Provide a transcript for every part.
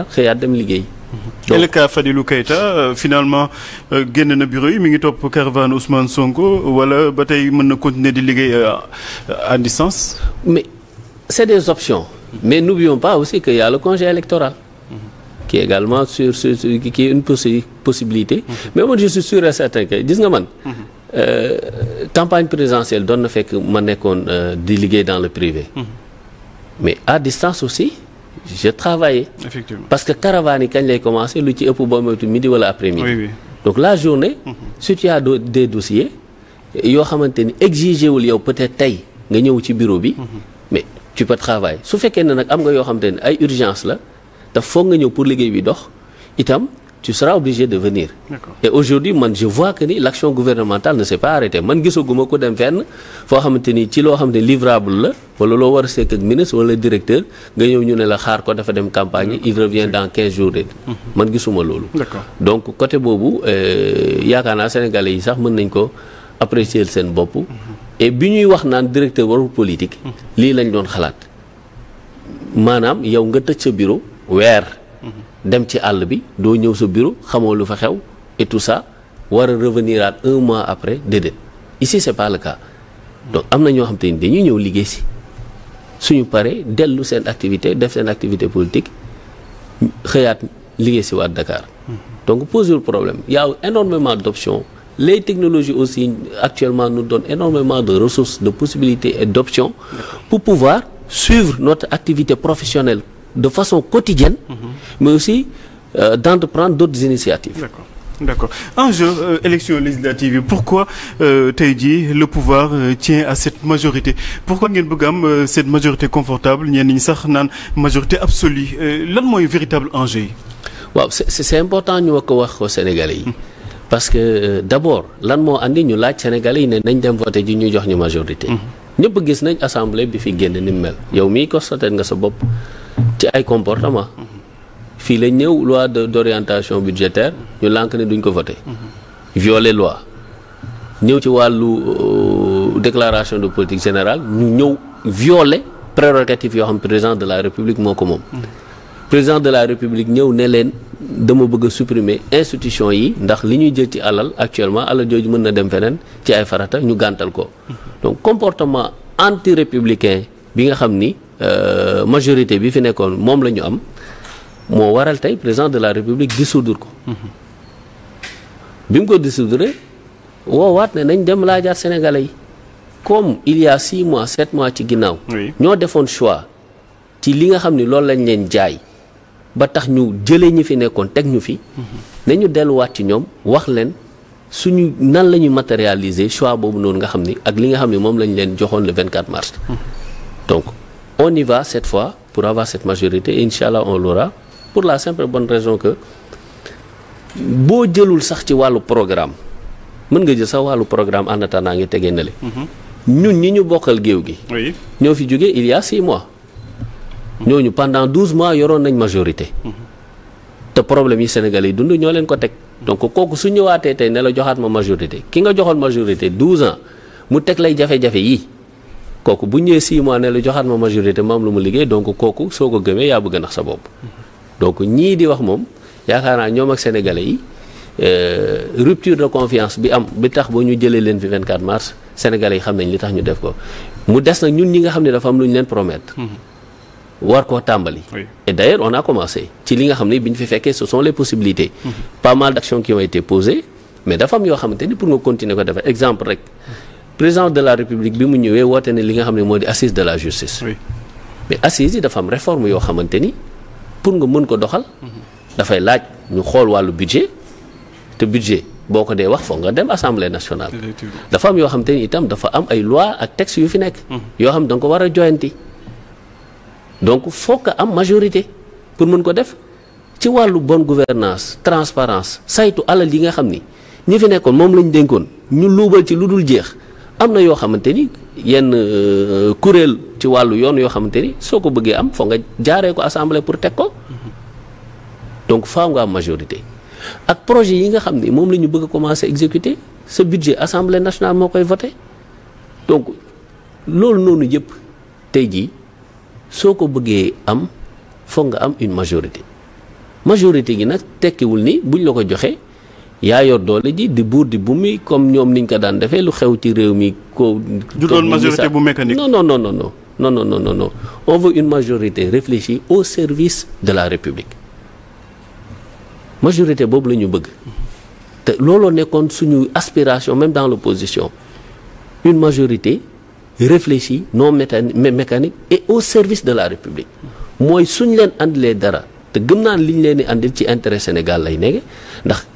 ah xëyaat dem liggéey. donc et le euh, finalement euh, génn na bureau yi mi ngi topp caravane Ousmane Sonko wala ba tey mën na continuer di liggéey euh, à distance. mais c'est des options. mais n'oublions pas aussi qu'il y a le congé électoral. qui est également sur sur qui une possibilité. mais moi je suis sûr et certain que nga man. campagne présidentielle doon fekk ma nekkoon di liggéey dans le privé. mais à distance aussi. j'ai travaillé. effectivement parce que caravane yi kañ lay commencer lu ci ëpp boo moytu midi wala après-midi. donc la journée. Mhm. si tu as des dossiers yoo xamante ni exigé yow peut tey nga ñëw ci bureau bi. Mhm. mais tu peux travailler su fekkee ne nag am nga yoo xamante ne ay urgence la te foog nga ñëw pour liggéey bi dox itam. tu seras obligé de venir et aujourd'hui man je vois que ni l'action gouvernementale ne s'est pas arrêtée man gisaguma ko dem fenn foo xamante ni ci loo xam ne livrable la wala loo war a sekk ak ministre wala directeur nga ñëw ñu ne la xaar ko dafa dem campagne il revient dans quinze jours de mhm. man gisuma loolu donc côté boobu euh, yaakaar naa sénégalais yi sax mën nañ ko apprécier seen bopp mhm. et bi ñuy wax naan directeur warul politique mhm. lii lañ doon xalaat yow nga tëj sa bureau weer dem ci àll bi doo ñëw sa bureau xamoo lu fa xew et tout ça war a revenir un mois après déedéet ici c'est pas le cas donc am na ñoo xam te ni dañuy ñëw liggéey si suñu paree dellu seen activité def seen activité politique xëyaat liggéey si waat Dakar mhm. donc pose problème y a énormément d'options les technologies aussi actuellement nous donnent énormément de ressources de possibilité et d'options pour pouvoir suivre notre activité professionnelle de façon quotidienne mm -hmm. mais aussi euh, d'entreprendre d'autres initiatives d'accord d'accord enjeu euh, élection législative yi pourquoi euh, tey jii le pouvoir euh, tient à cette majorité pourquoi ngeen bëgg am euh, cette majorité confortable ñenn ñi sax naan majorité absolue euh, lan mooy véritable enjeu yi waaw c'est c'est important ñu wax ko wax ko sénégalais yi mhm. parce que d'abord lan moo indi ñu laaj sénégalais yi ne nañ dem voter ji ñu jox ñu majorité mhm. ñëpp gis nañ assemblée bi fi génn ni mu mel yow mii constaté nga sa bopp ci ay comportement fii lañ ñëw loi d'orientation budgétaire ñu lànk ne duñ ko voté violer loi ñëw ci wàllu euh, déclaration de politique générale ñu ñëw viole prérogative yoo xam président de la république moo ko moom président de la république ñëw ne leen dama bëgg a supprimer institution yi ndax li ñuy jël ci alal actuellement alal jooju mën na dem feneen ci ay farata ñu gàntal ko comportement anti républicain bi nga xam ni Euh, majorité bi fi nekkoon moom la ñu am moo waral tey président de la république dissoudre ko. Mhm. bi mu ko dissoudre woowaat ne nañ dem laajaat sénégalais yi comme il y mois sept mois ci ginnaaw. ñoo defoon choix ci li nga xam ni loolu lañ leen jaay. ba tax ñu jëlee ñi fi nekkoon teg ñu fi. Mhm. na ñu delluwaat ci ñoom wax leen suñu nan la ñuy matérialiser choix boobu noonu nga xam ni ak li nga xam ni moom lañ leen joxoon le 24 mars. Mhm. donc on y va cette fois pour avoir cette majorité inchallah on l'aura pour la simple et bonne raison que boo jëlul sax ci wàllu programme mën nga jël sax wàllu programme en attendant ngi tegee na le mhm. ñun ñi ñu bokkal géew gi ñoo fi jógee il y a six mois mhm. ñooñu pendant douze mois yoroon nañ majorité mhm. te problème yi Sénégal yi dund ñoo leen ko teg donc kooku su ñëwaatee tey ne la joxaat ma majorité ki nga joxoon majorité douze ans mu teg lay jafe-jafe yi kooku bu ñëwee 6 mois ne joxaat ma majorité ma lu ma liggéey donc kooku soo ko gëmee yaa bëgg nax sa bopp. donc ñii di wax moom yaakaar naa ñoom ak sénégalais yi euh, rupture de confiance bi am bi tax ba ñu jëlee leen fi 24 mars sénégalais yi xam nañ li tax ñu def ko mu des nag ñun ñi nga xam ne dafa am lu ñu leen promettre. Mhm. war koo tàmbali. et d'ailleurs on a commencé ci li nga xam ne bi ñu fi fekkee ce sont les possibilités. Mhm. pas mal d'actions qui ont été posées président de la république bi mu ñëwee woote ne li nga xam ne moo di assise de la justice. mais assise yi dafa am réforme yoo xamante ni pour nga mën ko doxal. Mhm. dafay laaj ñu xool wàllu budget te budget boo ko dee wax foog nga dem assemblée nationale. dafa am yoo xamante ni itam dafa am ay loi ak texte yu fi nekk. Mhm. yoo xam da ko war a joyanti donc foog am majorité pour mën ko def ci wàllu bonne gouvernance transparence saytu alal yi nga xam ni ñi fi nekkoon moom am na yoo xamante ni yenn euh, kuréel ci wàllu yoon yoo xamante ni soo ko bëggee am foog nga jaaree ko assemblée pour teg ko donc faaw nga am majorité ak projet yi nga xam ne moom la ñu bëgg a commencer exécuter sa budget assemblée nationale moo koy voté donc loolu noonu yëpp tey jii soo ko bëggee am foog nga am une majorité majorité gi nag tekkiwul ni buñ la ko joxe yaa doole ji di buur di bu muy comme ñoom niñ ko daan defee lu xew ci réew mi ko judoon majorité bu mécanique non non non non non on veut une majorité réfléchie au service de la République majorité boobu la ñu bëgg te looloo nekkoon suñu aspiration même dans l'opposition une majorité réfléchie non mécanique et au service de la République mooy suñ leen andilee dara te gën naa liñ leen di andil ci intérêt Sénégal lay nekk ndax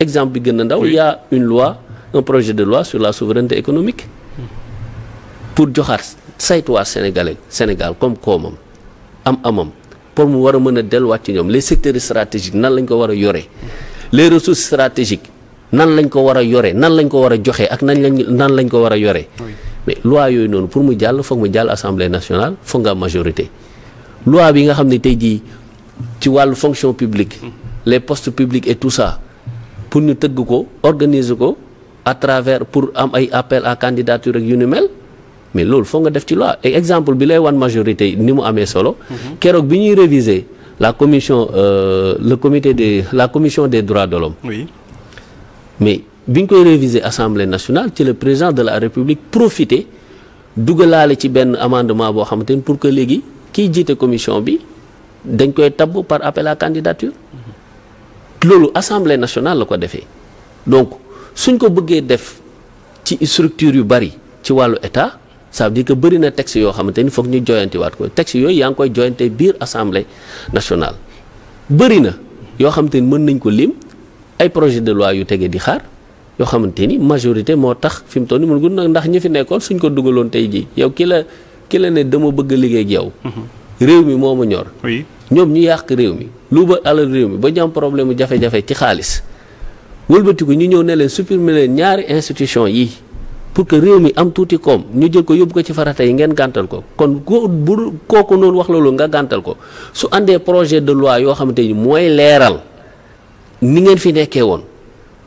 exemple bi gën a ndaw il une loi un projet de loi sur la souveraineté économique pour joxaat saytuwaat Sénégalais Sénégal comme koomam am amam pour mu war a mën a delluwaat ci ñoom les secteurs stratégiques nan lañ ko war a yore les ressources stratégiques nan lañ ko war a yore nan lañ ko war a joxe ak nan lañ nan lañ ko war a yore mais loi yooyu noonu pour mu jàll foog mu jàll assemblée nationale foog nga am majorité loi bi nga xam ne tey jii ci wàllu fonction publique mm. les postes publics et tout ça pour ñu tëgg ko organiser ko à travers pour am ay appel à candidature ak yu ni mel mais loolu foog nga def ci loi et exemple bi lay wan majorité yi ni mu amee solo. Mhm. keroog bi ñuy réviser la commission euh, le des la commission des droits de l'homme oui. mais bi ñu koy réviser assemblée nationale ci le président de la république profité dugalaale ci benn amendement boo xamante ni pour que léegi kiy jiite commission bi dañ koy tabb par appel à candidature. Mhm. loolu assemblée nationale la ko defee donc suñ ko bëggee def ci structure yu bari ci wàllu état ça veut que bëri na texte yoo xamante ni foog ñu joyantiwaat ko texte yooyu yaa ngi koy joyantee biir assemblée nationale. bëri na yoo xamante ni mën nañ ko lim ay projet de loi yu tege di xaar yoo xamante ni majorité moo tax fi mu toll nii mën gun nag ndax ñi fi nekkoon suñ ko dugaloon tey jii yow ki la ki la ne dama bëgg liggéey ak yow. Mm-hmm. réew mi moo ma ñoom ñu yàq réew mi lu ba alal réew mi ba ñu am problème mu jafe-jafe ci xaalis wëlbatiku ñu ñëw ne leen supprimer leen ñaari institution yi pour que réew mi am tuuti koom ñu jël ko yóbbu ko ci farata yi ngeen gàntal ko kon ko bu kooku noonu wax la loolu nga gàntal ko su àndee projet de loi yoo xamante ni mooy leeral ni ngeen fi nekkee woon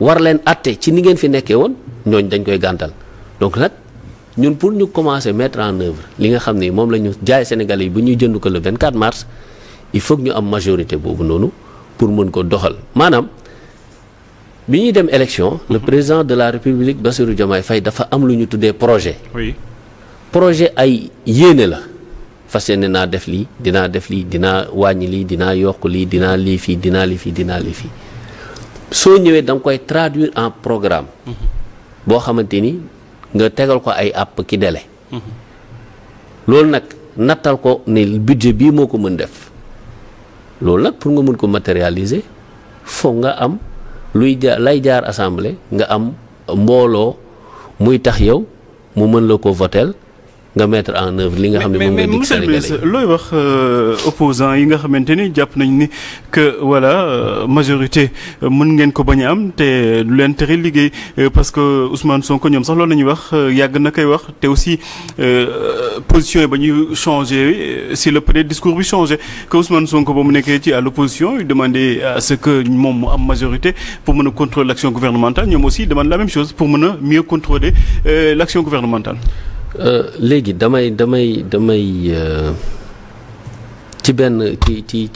war leen atte ci ni ngeen nekkee woon ñooñ dañ koy gàntal donc nag ñun pour ñu commencer mettre en li nga xam ne moom la ñu jaay Sénégalais yi bu ñuy jënd ko le 24 mars il faut ñu am majorité boobu noonu pour mën ko doxal maanaam bi ñuy dem élection le mhm. président de la république Bassirou Diomaye fay dafa am lu ñu tuddee projet oui. projet ay yéene la fas yéene naa def lii dinaa def lii dinaa wàññi lii dinaa yokk lii dinaa lii fii dinaa lii fii dinaa lii fii soo ñëwee danga koy traduire en programme mhm. boo xamante ni nga tegal ko ay àpp ki mhm. loolu nag nattal ko ne budget bii moo ko mën def loolu nag pour nga mun ko matérialiser foog nga am luy jaar lay jaar assemblée nga am mbooloo muy tax yow mu mën la ko votel nga mettre en œuvre li nga xam ne moom nga dig Sénégalais looy wax euh, opposant yi nga xamante ni jàpp nañ ni que voilà euh, majorité euh, mën ngeen ko ba a am te du leen tere liggéey parce que Ousmane Sonko ñoom sax loolu la ñuy wax yàgg na koy wax te aussi position yi ba ñuy changer si le peut-être discours bi changé que Ousmane Sonko ba mu nekkee ci à l'opposition demande demandait à ce que moom mu am majorité pour mën a contrôler l'action gouvernementale ñoom aussi demande la même chose mën a mieux contrôler l'action gouvernementale Euh, léegi damay damay damay euh, ci benn ci ci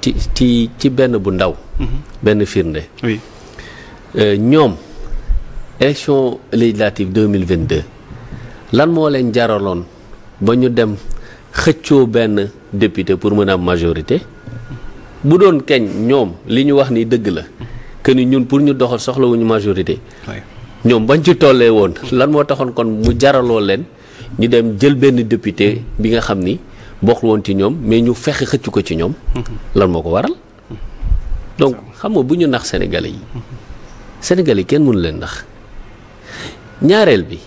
ci ci ci benn bu ndaw. Mhm. benn firnde. oui euh, ñoom élection législative deux mille vingt deux lan moo leen jaraloon ba ñu dem xëccoo benn député pour mën a am majorité bu doon keñ ñoom li ñu wax ni dëgg la que ni ñun pour ñu doxal soxlawuñu majorité. ñoom bañ ci tollee woon lan moo taxoon kon mu jaraloo leen ñu dem jël benn député bi nga xam ni bokkul woon ci ñoom mais ñu fexe xëccu ko ci ñoom. lan moo ko waral. donc xam nga bu ñu nax Sénégalais yi. Sénégalais yi kenn mënu leen nax ñaareel bi.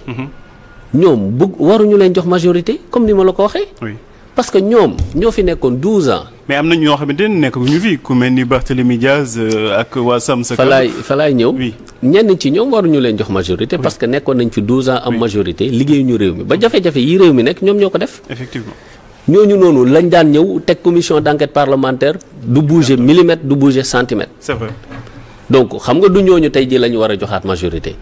ñoom bëgg waruñu leen jox majorité comme ni ma la ko waxee. oui parce que ñoom ñoo fi nekkoon 12 ans. mais am na ñoo xamante ne nekk ñu fi ku mel ni Barthélémy Diaz euh, ak waa Sàmm Sa falaay falaay ñëw ñenn ci ñoom waruñu leen jox majorité parce que nekkoon nañ fi 12 ans am majorité liggéey ñu réew mi ba jafe-jafe yi réew mi nekk ñoom ñoo ko def effectivement ñooñu noonu lañ daan ñëw teg commission d'enquête parlementaire du bouger millimètre du bouger centimètre c'est donc xam nga du ñooñu tey ji la ñu war a joxaat majorité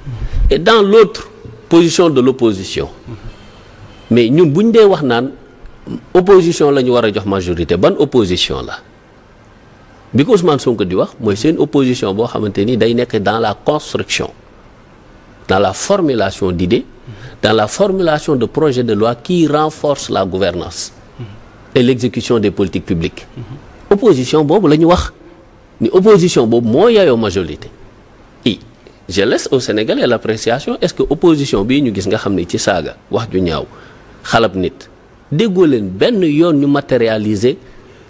et dans l'autre position de l'opposition mm-hmm. mais opposition la ñu war a jox majorité ban opposition la bi ko Ousmane Sonko di wax mooy seen opposition boo xamante ni day nekk dans la construction dans la formulation d'idées dans la formulation de projet de loi qui renforce la gouvernance et l'exécution des politiques publiques opposition boobu la ñu wax ni opposition boobu moo yaayoo majorité i je laisse au Sénégalais l'appréciation est-ce que opposition bii ñu gis nga xam ne ci saaga wax ju ñaaw xalab nit déggoo leen benn yoon ñu matérialiser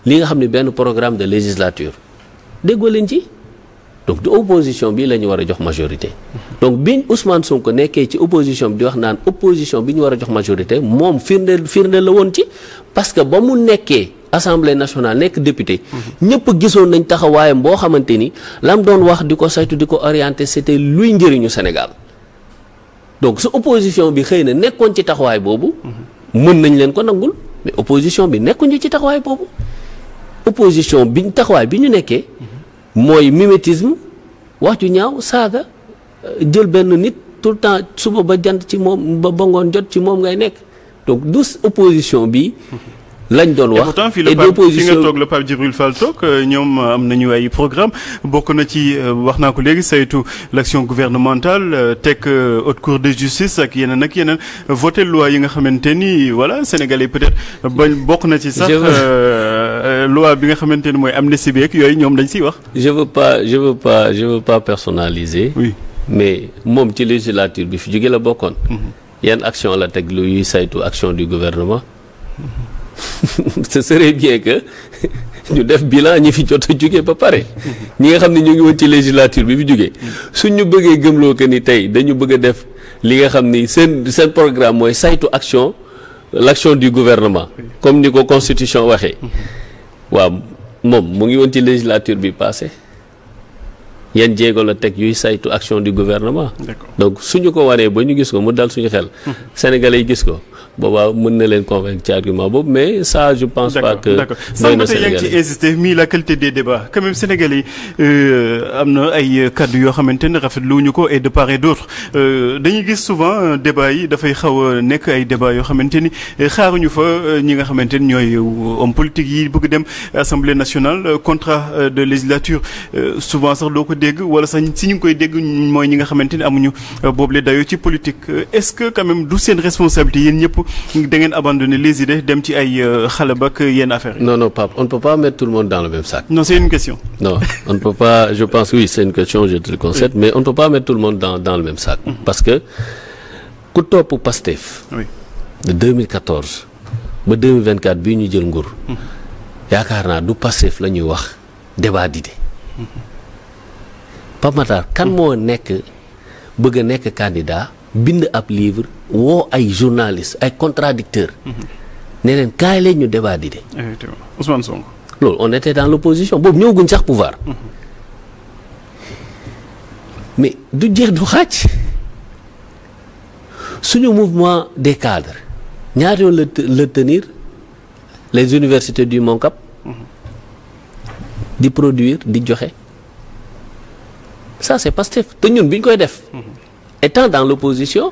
li nga xam ne benn programme de législature déggoo leen ci donc di opposition bi la ñu war a jox majorité donc biñ Ousmane Sonko nekkee ci opposition bi di wax naan opposition bi ñu war a jox majorité moom firnde firnde la woon ci parce que ba mu nekkee assemblée nationale nekk député ñëpp gisoon nañ taxawaayam boo xamante ni lam doon wax di ko saytu di ko orienté c'était luy njëriñu Sénégal donc su opposition bi xëy na nekkoon ci taxawaay boobu mën nañ leen ko nangul mais opposition bi nekkuñu ci taxawaay boobu opposition biñ taxawaay bi ñu nekkee mooy mimétisme wax ju ñaaw saaga euh, jël benn nit tout le temps suba ba jant ci moom ba bongoon jot ci moom ngay nekk donc dus opposition bi lañ doon wax. et d'opposition fi nga toog le Pape Djibril Fall euh, ñoom euh, am nañu ay programme bokk na ci euh, wax naa ko léegi saytu l'action gouvernementale teg haute cour de justice ak yeneen ak yeneen voté loi yi nga xamante ni voilà sénégalais peut-être bañ bokk na ci sax. loi bi nga xamante ni mooy am amnistie bi ak yooyu ñoom dañ siy wax. je veux pas je veux pas mais moom ci législature bi fi jóge la bokkoon. Mhm. yan action la teg luy saytu action du gouvernement. ce serait bien que ñu def bilan ñi fi jot a jugee ba pare ñi nga xam ne ñu ngi woon ci législature bi fi jugee su ñu bëggee gëmloo que ni tey dañu bëgg a def li nga xam ni seen seen programme mooy saytu action l'action du gouvernement comme ni ko constitution waxee mm-hmm. waaw moom mu ngi woon ci législature bi passé yan jéego la teg yuy saytu action du gouvernement donc suñu ko waree ba ñu gis ko mu dal suñu xel mm-hmm. sénégalais yi gis ko boobaa mën na leen convaincre ci argument boobu mais ça je pense pas que d'accord sànq tey yaa ngi insister mii la qualité des débats quand même Sénégal yi euh, am na ay kaddu yoo xamante ne rafetlu ñu ko et de part et d'autre euh, dañuy gis souvent euh, débat yi dafay xaw nekk ay débat yoo xamante ni xaaruñu fa ñi nga xamante ni ñooy homme politique yi bëgg dem assemblée nationale contrat de législature souvent sax doo ko dégg wala sax si ñu ngi koy dégg mooy ñi nga xamante ni amuñu boobule dayoo ci politique est-ce que quand même du seen responsabilité yéen ñëpp da ngeen abandonné les idées dem ci ay euh, xale ba ak yenn affaires yi. non non Pape on ne mettre tout le monde dans le même sac. non c'est une question. non on ne peut je pense oui c'est une question je te le concède oui. mais on ne peut pas mettre tout le monde dans le même sac. Mm-hmm. parce que ku topp Pastef. oui de 2014 ba 2024 bii ñu jël nguur. Mm-hmm. yaakaar naa du Pastef la ñuy wax débat d'idées. Mm-hmm. Pape Matar kan moo nekk bëgg a nekk candidat. bind ab livre woo ay journaliste ay contradicteur mm-hmm. ne leen kaay leen ñu débat di de Ousmane Sonko loolu on était dans l'opposition boobu ñëwaguñ sax pouvoir mm-hmm. mais du jeex du xàcc suñu mouvement des cadres ñaar yoon la le tenir les universités du Moncap mm-hmm. di produire di joxe ça c'est Pastef te ñun bi ñu koy def étant dans l'opposition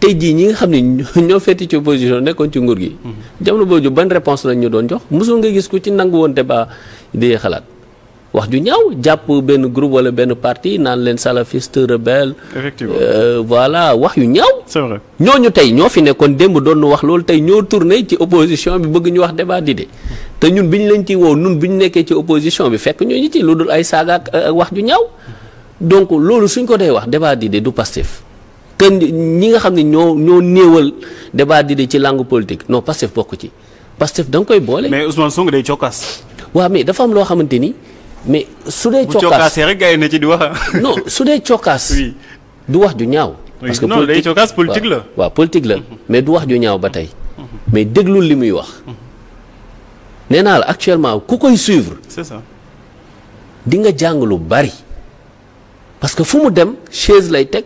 tey jii ñi nga xam ne ñoo fetti ci opposition nekkoon ci nguur gi. Mhm. jamono boobu ban réponse lañ ñu doon jox mosul nga gis ko ci nangu woon débat di xalaat wax ju ñaaw jàpp benn groupe wala benn parti naan leen salafiste rebelle. effectivement euh, voilà wax yu ñaaw. c'est vrai ñooñu tey ñoo fi nekkoon démb doon nu wax loolu tey ñoo tourné ci opposition bi bëgg ñu wax débat de mhm. te ñun bi ñu leen ci wow nun bi ñu nekkee ci opposition bi fekk ñooñu ci lu dul ay saaga euh, wax ju ñaaw. donc loolu suñ ko dee wax débat d'idées du Pastef te ñi nga xam ne ñoo ñoo néewal débat de ci langue politique non Pastef bokk ci Pastef da nga koy boole. mais Ousmane Sonko day cokkaas. waaw mais dafa am loo xamante ni mais. su dee cokkaas bu cokkaasee di wax. non dee cokkaas. du wax ju ñaaw. parce que non day cokkaas politique la. waaw politique la mhm. mais du wax ju ñaaw ba tey. Mhm. mais déglul li muy wax. Mhm. nee naa la actuellement ku koy suivre. c'est di nga jàng lu bari. parce que fu mu dem chaise lay teg.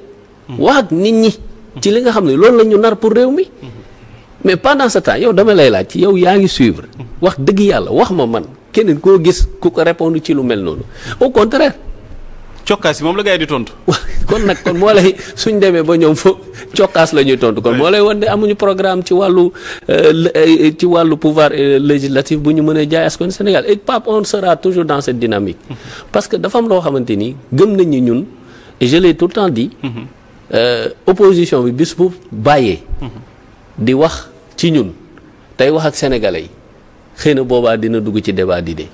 wax ak nit ñi. ci li nga xam ne loolu la ñu nar pour réew mi. mais pendant ce temps yow dama lay laaj ci yow yaa ngi suivre. wax dëgg yàlla wax ma man keneen koo gis ku ko répondre ci lu mel noonu au contraire. cokkaas yi moom la gars yi di tontu. kon nag kon moo lay suñ demee ba ñoom fo cokkaas la ñuy tontu kon moo lay wan ne amuñu programme ci wàllu euh, ci wàllu pouvoir euh, législatif bu ñu mënee a jaay askan Sénégal et Pape on sera toujours dans cette dynamique. Mm-hmm. parce que dafa am loo xamante ni gëm nañ ni ñun et je tout le temps di mm-hmm. euh, opposition bi bis bu bàyyee. Mm-hmm. di wax ci ñun tey wax ak sénégalais yi xëy na boobaa dina dugg ci débat d'idées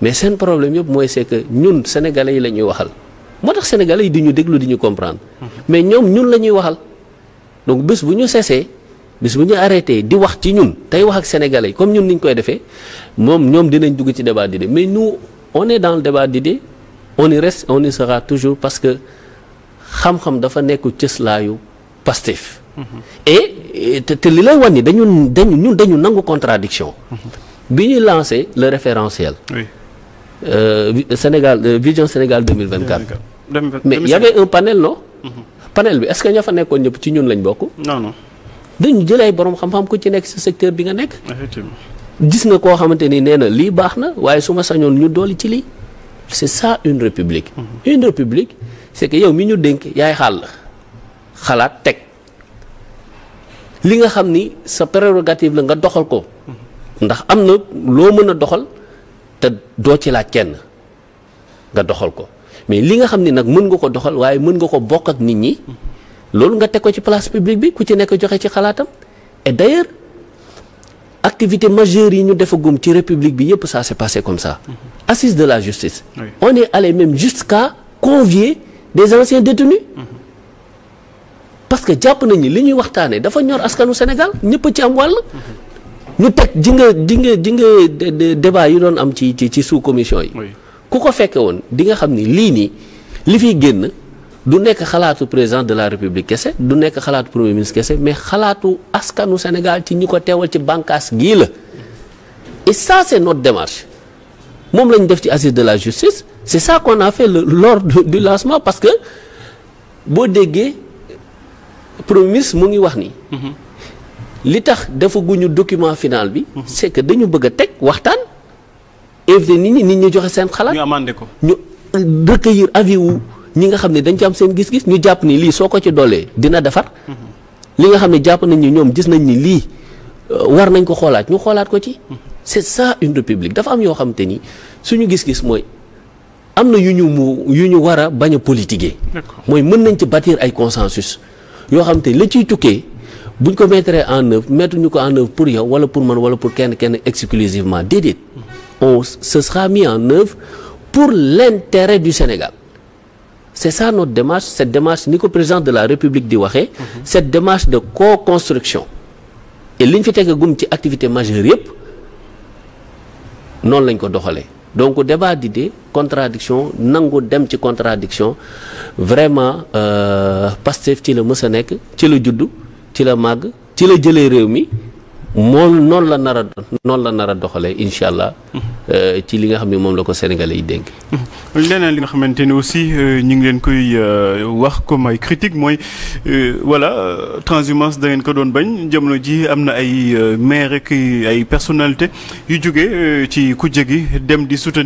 mais seen problème yëpp mooy c'est que ñun sénégalais yi la ñuy waxal moo tax sénégalais yi di ñu déglu di ñu comprendre mais ñoom ñun la ñuy waxal donc bés bu ñu cessé bis bu ñu arrêté di wax ci ñun tey wax ak sénégalais yi comme ñun ni ñu koy defee moom ñoom dinañ dugg ci débat d'idées mais nous on dans le débat d'idées on y reste on y sera toujours parce que xam-xam dafa nekku cëslaayu Pastef mm-hmm. et te li lay wan ni dañu dañu ñun dañu nangu contradiction mm-hmm. bi ñuy lancé le référentiel Euh, Sénégal euh, vision Sénégal 2024. 2024 mais y avait un panel non. Mhm. panel bi est-ce ña fa nekkoon ñëpp ci ñun lañ bokk. non non. dañu jël ay xam-xam ko ci nekk si secteur bi nga nekk. gis nga koo xamante ni nee na lii baax na waaye suma ma sañoon ñu dolli ci lii. c'est ça une république. Mhm. une république c'est que yow mi ñu dénk yaay xàll xalaat teg li nga xam ni sa prérogative la nga doxal ko. Mhm. ndax am na loo mën a doxal. te doo ci laaj kenn nga doxal ko mais li nga xam ni nag mën nga ko doxal waaye mën nga ko bokk ak nit ñi loolu nga teg ko ci place publique bi ku ci nekk joxe ci xalaatam et d'ailleurs activité majeure yi ñu defagum ci république bi yépp ça s'est passé comme sa mm-hmm. assise de la justice oui. on est allé même jusqu'à des anciens détenus mm que jàpp nañu li ñuy waxtaanee dafa ñor askanu Sénégal ñëpp a ci am wàll mm-hmm. ñu teg ji nga ji nga ji nga débat yu doon am ci ci ci sous commission yi. ku ko fekke woon di nga xam ni lii nii li fiy génn du nekk xalaatu président de la république kese du nekk xalaatu premier ministre kese mais xalaatu askanu Sénégal ci ñi ko teewal ci bànqaas gii la et ça c'est notre démarche moom lañu def ci assise de la justice c'est ça qu'on a fait lors du lancement parce que boo déggee premier ministre mu ngi wax ni. Mm-hmm. li tax defaguñu document final bi. Mhm. c'est que dañu bëgg a teg waxtaan. invité nit ñi joxe seen xalaat. ñu amandé ko ñu recueillir avis wu ñi nga xam ne dañ ci am seen gis-gis ñu jàpp ni lii soo ko ci doolee dina defar. Mhm. li nga xam ne jàpp nañ ni ñoom gis nañ ni lii euh, war nañ ko xoolaat ñu xoolaat ko ci. Mhm. c'est ça une de publique dafa am yoo xam te ni suñu gis-gis mooy. am na yu ñu mu yu ñu war a bañ a politiquer. mooy mën nañ ci bâtir ay consensus yoo xam te la ciy tukkee bu ñu ko mettre en œuvre mettre ñu ko en œuvre pour yow wala pour man wala pour kenn kenn exclusivement déedéet on se sera mis en œuvre pour l'intérêt du Sénégal c'est ça notre démarche cette démarche ni ko président de la République di waxee cette démarche de co-construction et li ñu fi tegagum ci activité majeure yëpp noonu lañ ko doxalee donc débat d'idée contradiction nangu dem ci contradiction vraiment euh, Pastef ci la mës a nekk ci la juddu ci la màgg ci la jëlee réew mi moom noonu la nar a noonu la nar a doxalee incha allah. Euh, ci li nga xam ne moom la ko Sénégalais yi dénk. leneen li nga xamante ne aussi euh, ñu ngi leen koy euh, wax comme ay critique mooy walla transhumance da ngeen ko doon bañ jamono ji am na ay maire ak ay personnalité yu jóge ci kujje gi dem di soutenir.